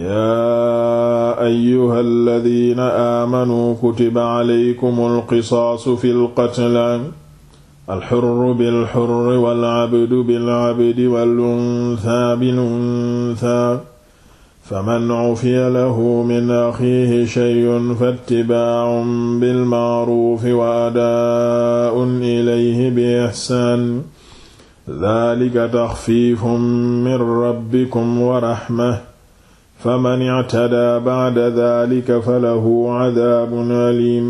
yaa ayyuha alladina aamanuu kutiba alaykum alqisaasu fi lqatla alxurru bilxurri walabdu bilabdi walunsa bilunsa faman ufiya lahu min axiihi shayun fattibaacun bilmacruufi wa adaaun ilayhi bi ixsaan dalika taxfiifun min rabbikum wa raxma faman ictadaa bacda dalika falahu cadaabun alim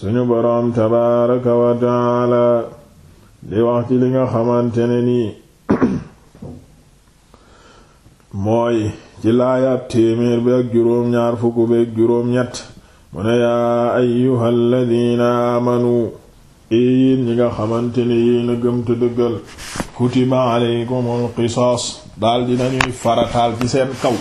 suñu boroom tabaaraka wa taala di wax ci li nga xamante ne nii mooy ci laayaat téeméer bi ak juróom-ñaar fukk bi ak juróom-ñett mu ne yaa ayyuha alladina aamanu yéen ñi nga xamante ne yéen a gëm te dëggal kutiba aleykumul qisaas daal dinañuy farataal ci seen kaw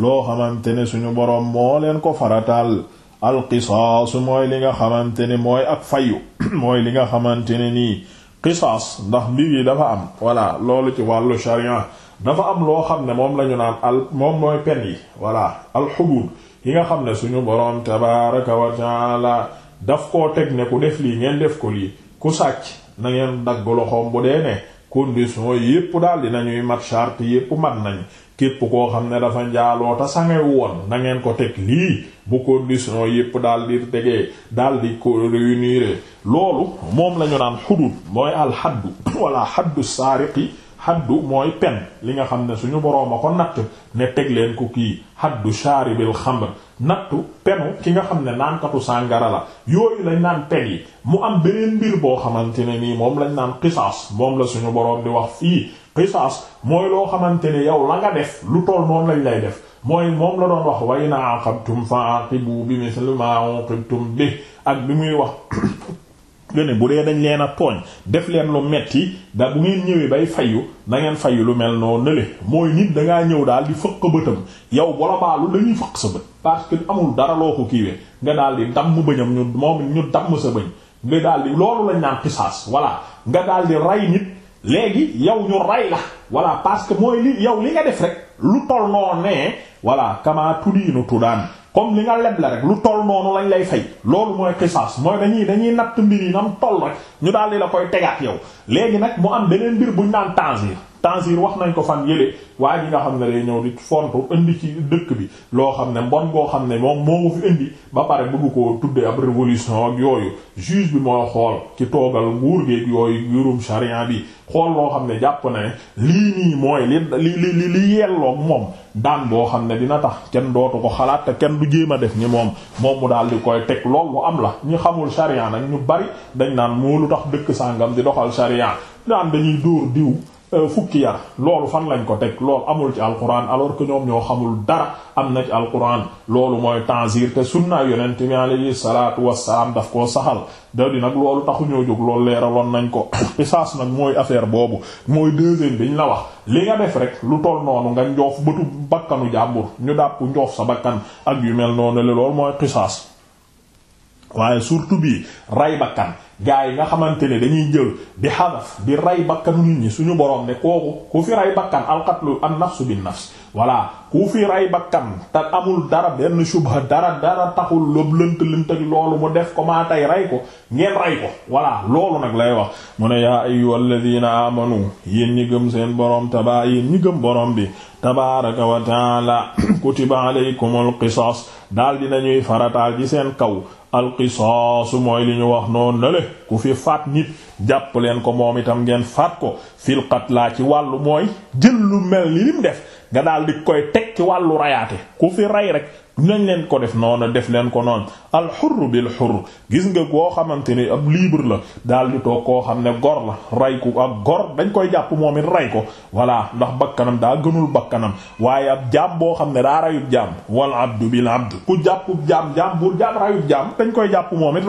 loo xamante ne suñu boroom moo leen ko farataal alqisaasu mooy li nga xamante ne mooy ak fayu mooy li nga xamante ne nii qisaas ndax mbir yi dafa am voilà loolu ci wàllu charion dafa am loo xam ne moom lañu naan al moom mooy pen yi voilà alxuduud yi nga xam ne suñu boroom tabaaraka wa taala daf koo teg ne ku def lii ngeen def ko lii ku sàcc na ngeen dagg loxoom bu dee ne condition yépp daal dinañuy mat charte yépp mat nañ képp koo xam ne dafa njaaloo ta sange ko teg lii bu condition yépp daal di tegee daal di ko réunir loolu moom la ñu naan xudud mooy alxaddu wala xaddu saariqi xaddu mooy pen li nga xam ne suñu boroom a ko natt ne teg leen ko kii xaddu shaaribil xamr nattu penu ki nga xam ne naankatu sàngara la yooyu lañ naan pen yi mu am beneen mbir boo xamante ne nii moom lañ naan qisaas moom la suñu boroom di wax fii qisaas mooy loo xamante ne yow la nga def lu tool moom lañ lay def mooy moom la doon wax wa in aqabtum fa aqibu bi misli ma uqibtum bi ak bi muy wax gëne bu dee dañ leen a tooñ def leen lu metti da bu ngeen ñëwee bay fayu nangeen ngeen lu mel noo nële mooy nit dangaa ñëw daal di fëq bëtam yow wala baalu dañuy fëq sa bët parce que amul dara loo ko kiiwee nga daal di damm bëñam ñu moom ñu damm sa bëñ nga daal di loolu lañ naan pisaas voilà nga daal ray nit léegi yow ñu ray la voilà parce mooy li yow li nga def rek lu tol noo nee voilà kama tudiinu tudaan comme li nga leb la rek lu toll noonu lañ lay fay loolu mooy xisaas mooy dañuy dañuy natt mbir yi nam toll rek ñu daal di la koy tegaat yow léegi nag mu am beneen mbir buñ naan tanzir Tanzir wax nañ ko fan yére waa ji nga xam ne day ñëw di fontu indi ci dëkk bi loo xam ne mbon goo xam ne moom moo indi ba pare bëgg koo tuddee ab yooyu juge bi moo ci toogal nguur yooyu yurum charia bi xool loo xam ne jàpp na ne lii moom daan boo xam ne dina tax kenn dootu ko xalaat te kenn du jéem a def ni moom moom mu daal di koy teg lool lu am la ñu xamul charia nag ñu bari dañ naan moo lu tax dëkk sàngam di doxal charia daan dañuy dóor diw Euh, fukki yar loolu fan lañ ko teg loolu amul ci alquran alors que ñoom ñoo xamul dara am na ci alquran loolu mooy tanzir te sunna yonent bi alayhi salaatu wassalaam daf koo saxal da di nag loolu taxu ñoo jóg loolu leeraloon nañ ko xisaas nag mooy affaire boobu mooy deuxième bi ñu la wax li nga def rek lu toll noonu nga njoof bëtu bakkanu jàmbur ñu dàpp njoof sa bakkan ak yu mel noonu la loolu mooy xisaas waaye surtout bi ray bakkan gaa yi nga xamante ne dañuy jël di xadaf di ray bakkan nit ñi suñu borom ne kooku ku fi ray bakkan alqatlu an nafsu bin nafs voilà ku fi ray bakkan te amul dara benn subha dara dara taxul loob lënt lënt ak loolu mu def ko maa tey ray ko ngeen ray ko voilà loolu nag lay wax mu ne yaa ayyuhal ladina amanu yéen ñi seen borom tabaa yéen ñi gëm borom bi tabaraka wa taala kutiba alaykumul qisas daal dinañuy farataal ci seen kaw alqisaasu mooy li ñu wax noon na le ku fi faat nit jàpp leen ko moom itam ngeen faat ko fil qatlaa ci wàllu mooy jël lu mel ni lim def nga daal koy teg ci wàllu rayaate ku fi ray rek nañ leen ko def noonu def leen ko noonu alxurr bil xurr gis nga koo xamante ni ab libre la daal di toog koo xam ne gor la ray ku ak gor dañ koy jàpp moom it ray ko voilà ndax bakkanam daa gënul bakkanam waaye ab jaam boo xam ne daa rayub jaam wal abdu bil abd ku jàppub jaam jaam buur jaam rayub jaam dañ koy jàpp moom it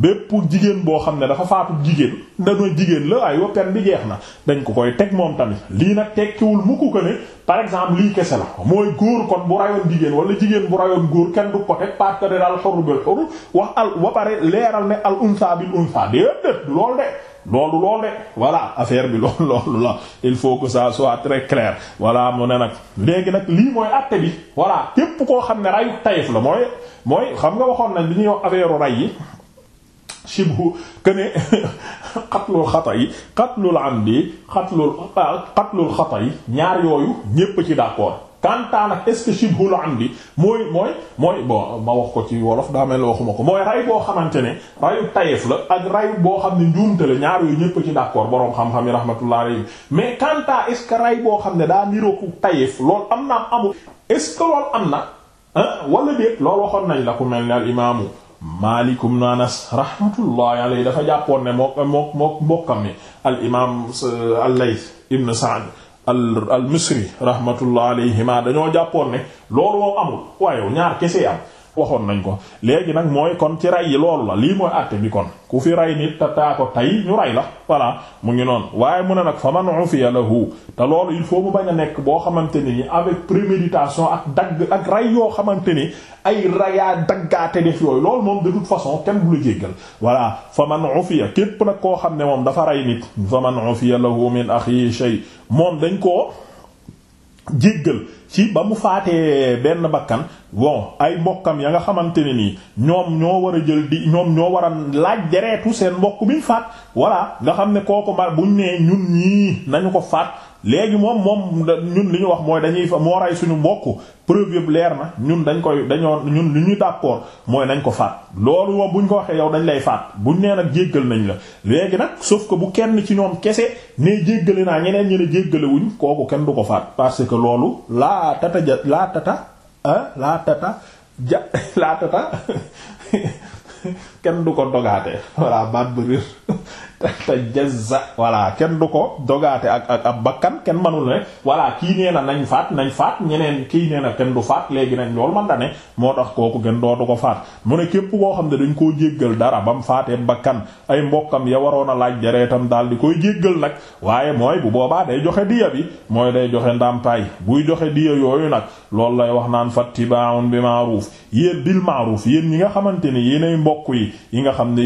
bépp jigéen boo xam ne dafa faatu jigéen dana jigéen la ay wopen bi jeex na dañ ko koy teg moom tamit lii nag tekkiwul mukk ko ne par exemple lii kese la mooy góor kon bu rayoon jigéen wala jigéen bu rayoon góor kenn du ko teg parce que de daal xorru bil xorru wax al ba pare leeral ne al unsa bil unsa déedéet lool de loolu lool de voilà affaire bi loolu loolu la il faut que ça soit très clair voilà mu ne nag léegi nag lii mooy àtte bi voilà képp koo xam ne rayu tayef la mooy mooy xam nga waxoon nañ bi ñuy wax affaire ray yi shibhu këne xatlul xata yi xatlul amdi xatlul xatlul ah, xata yi ñaar yooyu ñépp ci d'accord kantaan ak est-ce que shibhul amdi mooy mooy mooy bon ma wax ko ci wolof daa mel waxuma ko mooy ray boo xamante ne rayu tayef la ak rayu boo xam ne njuumte la ñaar yooyu ñépp ci d'accord boroom xam-xam yi rahmatullah alayhi mais kantaan est-ce ray boo xam ne daa nirooku tayef loolu am naa am amul est-ce que loolu am na ah wala déet loolu waxoon nañ la ku mel ne al imaamu malikum na anas rahmatullahi alayhi dafa jàppoon ne mook mook mook mbokkam mi al imam euh, al layth ibn sa'd al al misri rahmatullahi dañoo jàppoon ne loolu moom amul waaye ñaar kese am waxoon nañ ko léegi nag mooy kon ci ray yi loolu la lii mooy àtte bi kon ku fi ray nit te taa ko tay ñu ray la voilà mu ngi noon waaye mu ne nag fa man ufiya lahu te loolu il faut mu bañ a nekk boo xamante ni avec préméditation ak dagg ak ray yoo xamante ni ay rayaa daggaate def yooyu loolu moom de toute façon kenn du la jéggal voilà fa man ufiya képp nag koo xam ne moom dafa ray nit fa man ufiya lahu min akhi shay moom dañ ko jéggal ci ba mu faatee benn bakkan bon ay mbokkam ya nga xamante ne nii ñoom ñoo war a jël di ñoom ñoo war a laaj dereetu seen mbokk bi ñu faat voilà nga xam ne kooku ma buñ nee ñun ñii nañu ko faat léegi moom moom ñun li ñu wax mooy dañuy fa moo rey suñu mbokk preuve yëpp leer na ñun dañ koy dañoo ñun li ñu d'accord mooy nañ ko faat loolu moom bu ñu ko waxee yow dañ lay faat buñ nee nag jéggal nañ la léegi nag sauf ko bu kenn ci ñoom kese ne jéggale naa ñeneen ñi jéggalewuñ kooku kenn du ko faat parce que loolu laa tata ja laa tata ah laa tata ja laa tata kenn du ko dogaate voilà baat ba réer te jazza voilà kenn du ko dogaate ak ak ab bakkan kenn manul ne voilà kii nee na nañ faat nañ faat ñeneen kii nee na kenn du faat léegi nañ loolu man da moo tax kooku kenn du ko faat mu ne képp koo xam ne dañ koo jéggal dara ba mu faatee bakkan ay mbokkam ya waroon a laaj jareetam daal di koy jéggal nag waaye mooy bu boobaa day joxe diya bi mooy day joxe ndàmpaay buy joxe diya yooyu nag loolu lay wax naan fattiba'un bi ma'ruf yéen bil ma'ruf yéen ñi nga xamante ne yéenay mbokk yi yi nga xam ne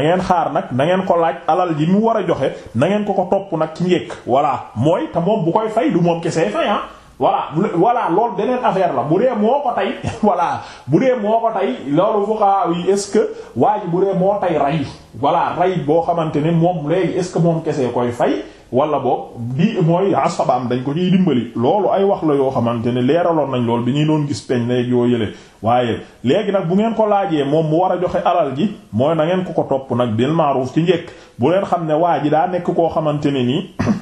yéen nag na ko laaj alal ji mu war a joxe na ngeen ko ko topp nag ci njëkk voilà mooy te moom bu koy fay du moom kese fay ah. voilà voilà loolu beneen affaire la bu dee moo ko tey voilà bu dee moo ko tey loolu fuqaha yi est-ce que waa ji bu dee moo tay rey voilà ray boo xamante ne moom léegi est-ce que moom kese koy fay. wala boog bii mooy asabaam dañ ko ciy dimbali loolu ay wax la yoo xamante ne leeraloon nañ lool bi ñuy doon gis peñ léegi yoo yële waaye léegi nag bu ngeen ko laajee moom mu war a joxe alal ji mooy nangeen ko ko topp nag bil ma'ruf ci njekk bu leen xam ne waa ji daa nekk koo xamante ne nii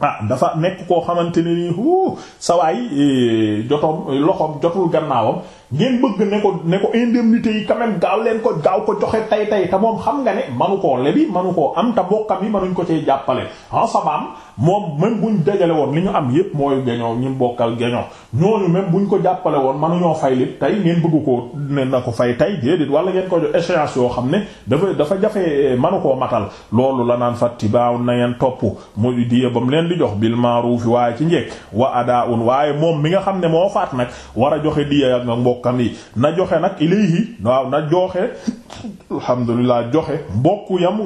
ah dafa nekk koo xamante ne nii hu sa waay eh, jotoom loxoom jotul gannaawam ngeen bëgg ne ko ne ko indemnité yi quand gaaw leen ko gaaw ko joxe tay tay te moom xam nga ne manu koo lebi manu koo am te mbokkam yi manuñ ko cee jàppale en sabaam moom même buñ dajale woon li ñu am yépp mooy geñoo ñu bokkal geñoo ñooñu même buñ ko jàppale woon manuñoo fay lépp tey ngeen bëgg koo ne na ko fay tay déedéet wala ngeen ko jox échéance yoo xam ne dafa dafa jafe manu koo matal loolu la naan fatti baaw na ngeen topp mu diya mu leen di jox bil ma'ruf waaye ci njekk wa ada un waaye moom mi nga xam ne moo faat nag war a joxe diya ak mbokk mbokkam yi na joxe nag ilayhi waaw na joxe alhamdulilah joxe mbokku yam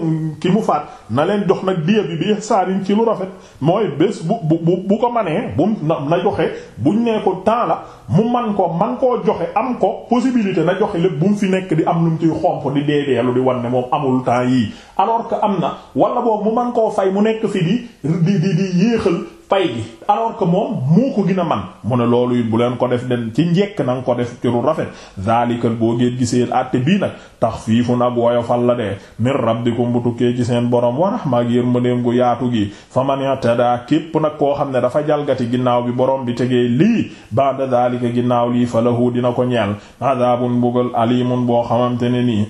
ki mu faat na leen jox nag diya bi bi saarin ci lu rafet mooy bés bu bu bu ko manee bu na joxe buñ nee temps la mu man ko man koo joxe am ko possibilité na joxe lépp bu mu fi nekk di am lu mu ci xomp di deedeelu di wan ne moom amul temps yii alors que am na wala boobu mu man koo fay mu nekk fi di di di di yéexal pay gi alors que moom moo ko gën man mu ne loolu it bu leen ko def den ci njekk na ko def ci lu rafet zalikal boo ngeen gisee àtte bii nag taxfiifun ak woyofal la dee min rabbikum bu tukkee ci seen borom wa rahma ak yërmandeem gu yaatu gi fa ma man i'tada képp nag koo xam ne dafa jalgati ginnaaw bi borom bi tegee lii ba'da zalika ginnaaw lii falahu dina ko ñeel azabun bugal alimun boo xamante ne nii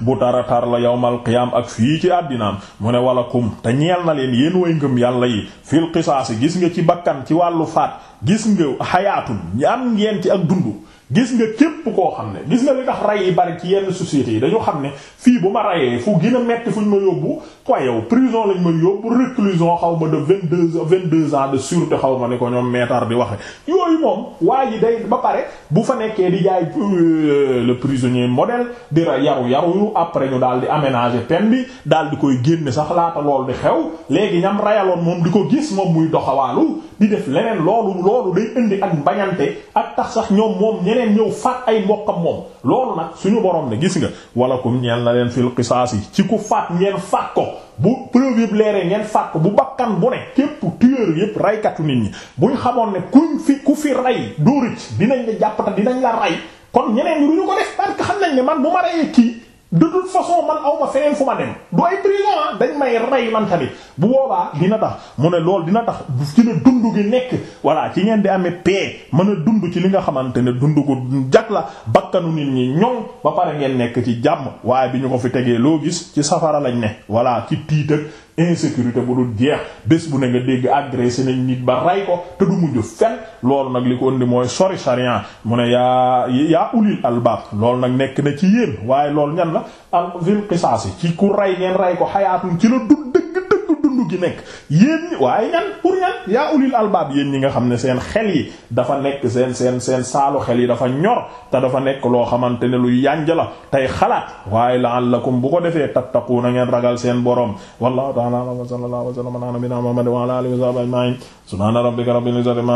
bu taratar la yawmal qiyaam ak fii ci àddinaam mu ne walakum te ñeel na leen yéen way ngëm yàlla yi fil qisaasi gis nga ci bakkan ci wàllu faat gis nga xayaatun am ngeen ci ak dundu gis nga képp koo xam ne gis nga li tax rey yi bari ci yenn sociétés yi dañu xam ne fii bu ma rayee fu gën a metti fu ñu ma yóbbu quoi yow prison lañ ma yóbbu réclusion xaw ma de vingt deux ans de sûreté xaw ma ni ko ñoom meetar di waxe yooyu moom waa ji day ba pare bu fa nekkee di jaay euh, le prisonnier modèle di yaru yaru yu après ñu daal di aménager peine bi daal di koy génne sax laata lool di xew léegi ñam rayaloon moom di ko gis moom muy doxawaalu di def leneen loolu loolu day indi ak mbañante ak keneen ñëw faat ay mbokkam moom loolu nag suñu borom ne gis nga wala kum ñeel na leen fil qisaas yi ci ku faat ngeen faat ko bu preuve yëpp leeree ngeen faat ko bu bàkkan bu ne képp tueur yëpp raykatu nit ñi buñ xamoon ne kuñ fi ku fi ray dóorit dinañ la jàppata dinañ la ray kon ñeneen ñi ko def parce xam nañ ne man bu ma rayee kii de toute façon man aw ma feneen fu ma dem du ay prison ah. dañ may rey man tamit bu boobaa dina tax mu ne loolu dina tax ci ne dund gi nekk voilà ci ngeen di amee paix mën a dund ci li nga xamante ne dund gu jag la bakkanu nit ñi ñoŋ ba pare ngeen nekk ci jàmm waaye bi ñu ko fi tegee loo gis ci safara lañ ne voilà ci tiit insécurité bu dul jeex bés bu ne nga dégg agressé nañ nit ba ray ko te du mujj fen loolu nag li ko indi mooy sori sharia mu ne yaa yaa ulil albaab loolu nag nekk na ci yéen waaye loolu ñan la al fil qisaasi ci ku ray ngeen rey ko xayaatun ci la dund dëgg mujj nekk yéen waaye ñan pour ñan yaa ulil albaab yéen ñi nga xam ne seen xel yi dafa nekk seen seen seen saalu xel yi dafa ñor te dafa nekk loo xamante ne lu yànj la tey xalaat waaye la'allakum bu ko defee tattaquuna ngeen ragal seen borom wallahu ta'ala wa sallallahu wa sallama ala nabina muhammad wa ala alihi wa sahbihi ajma'in subhana rabbika rabbil izzati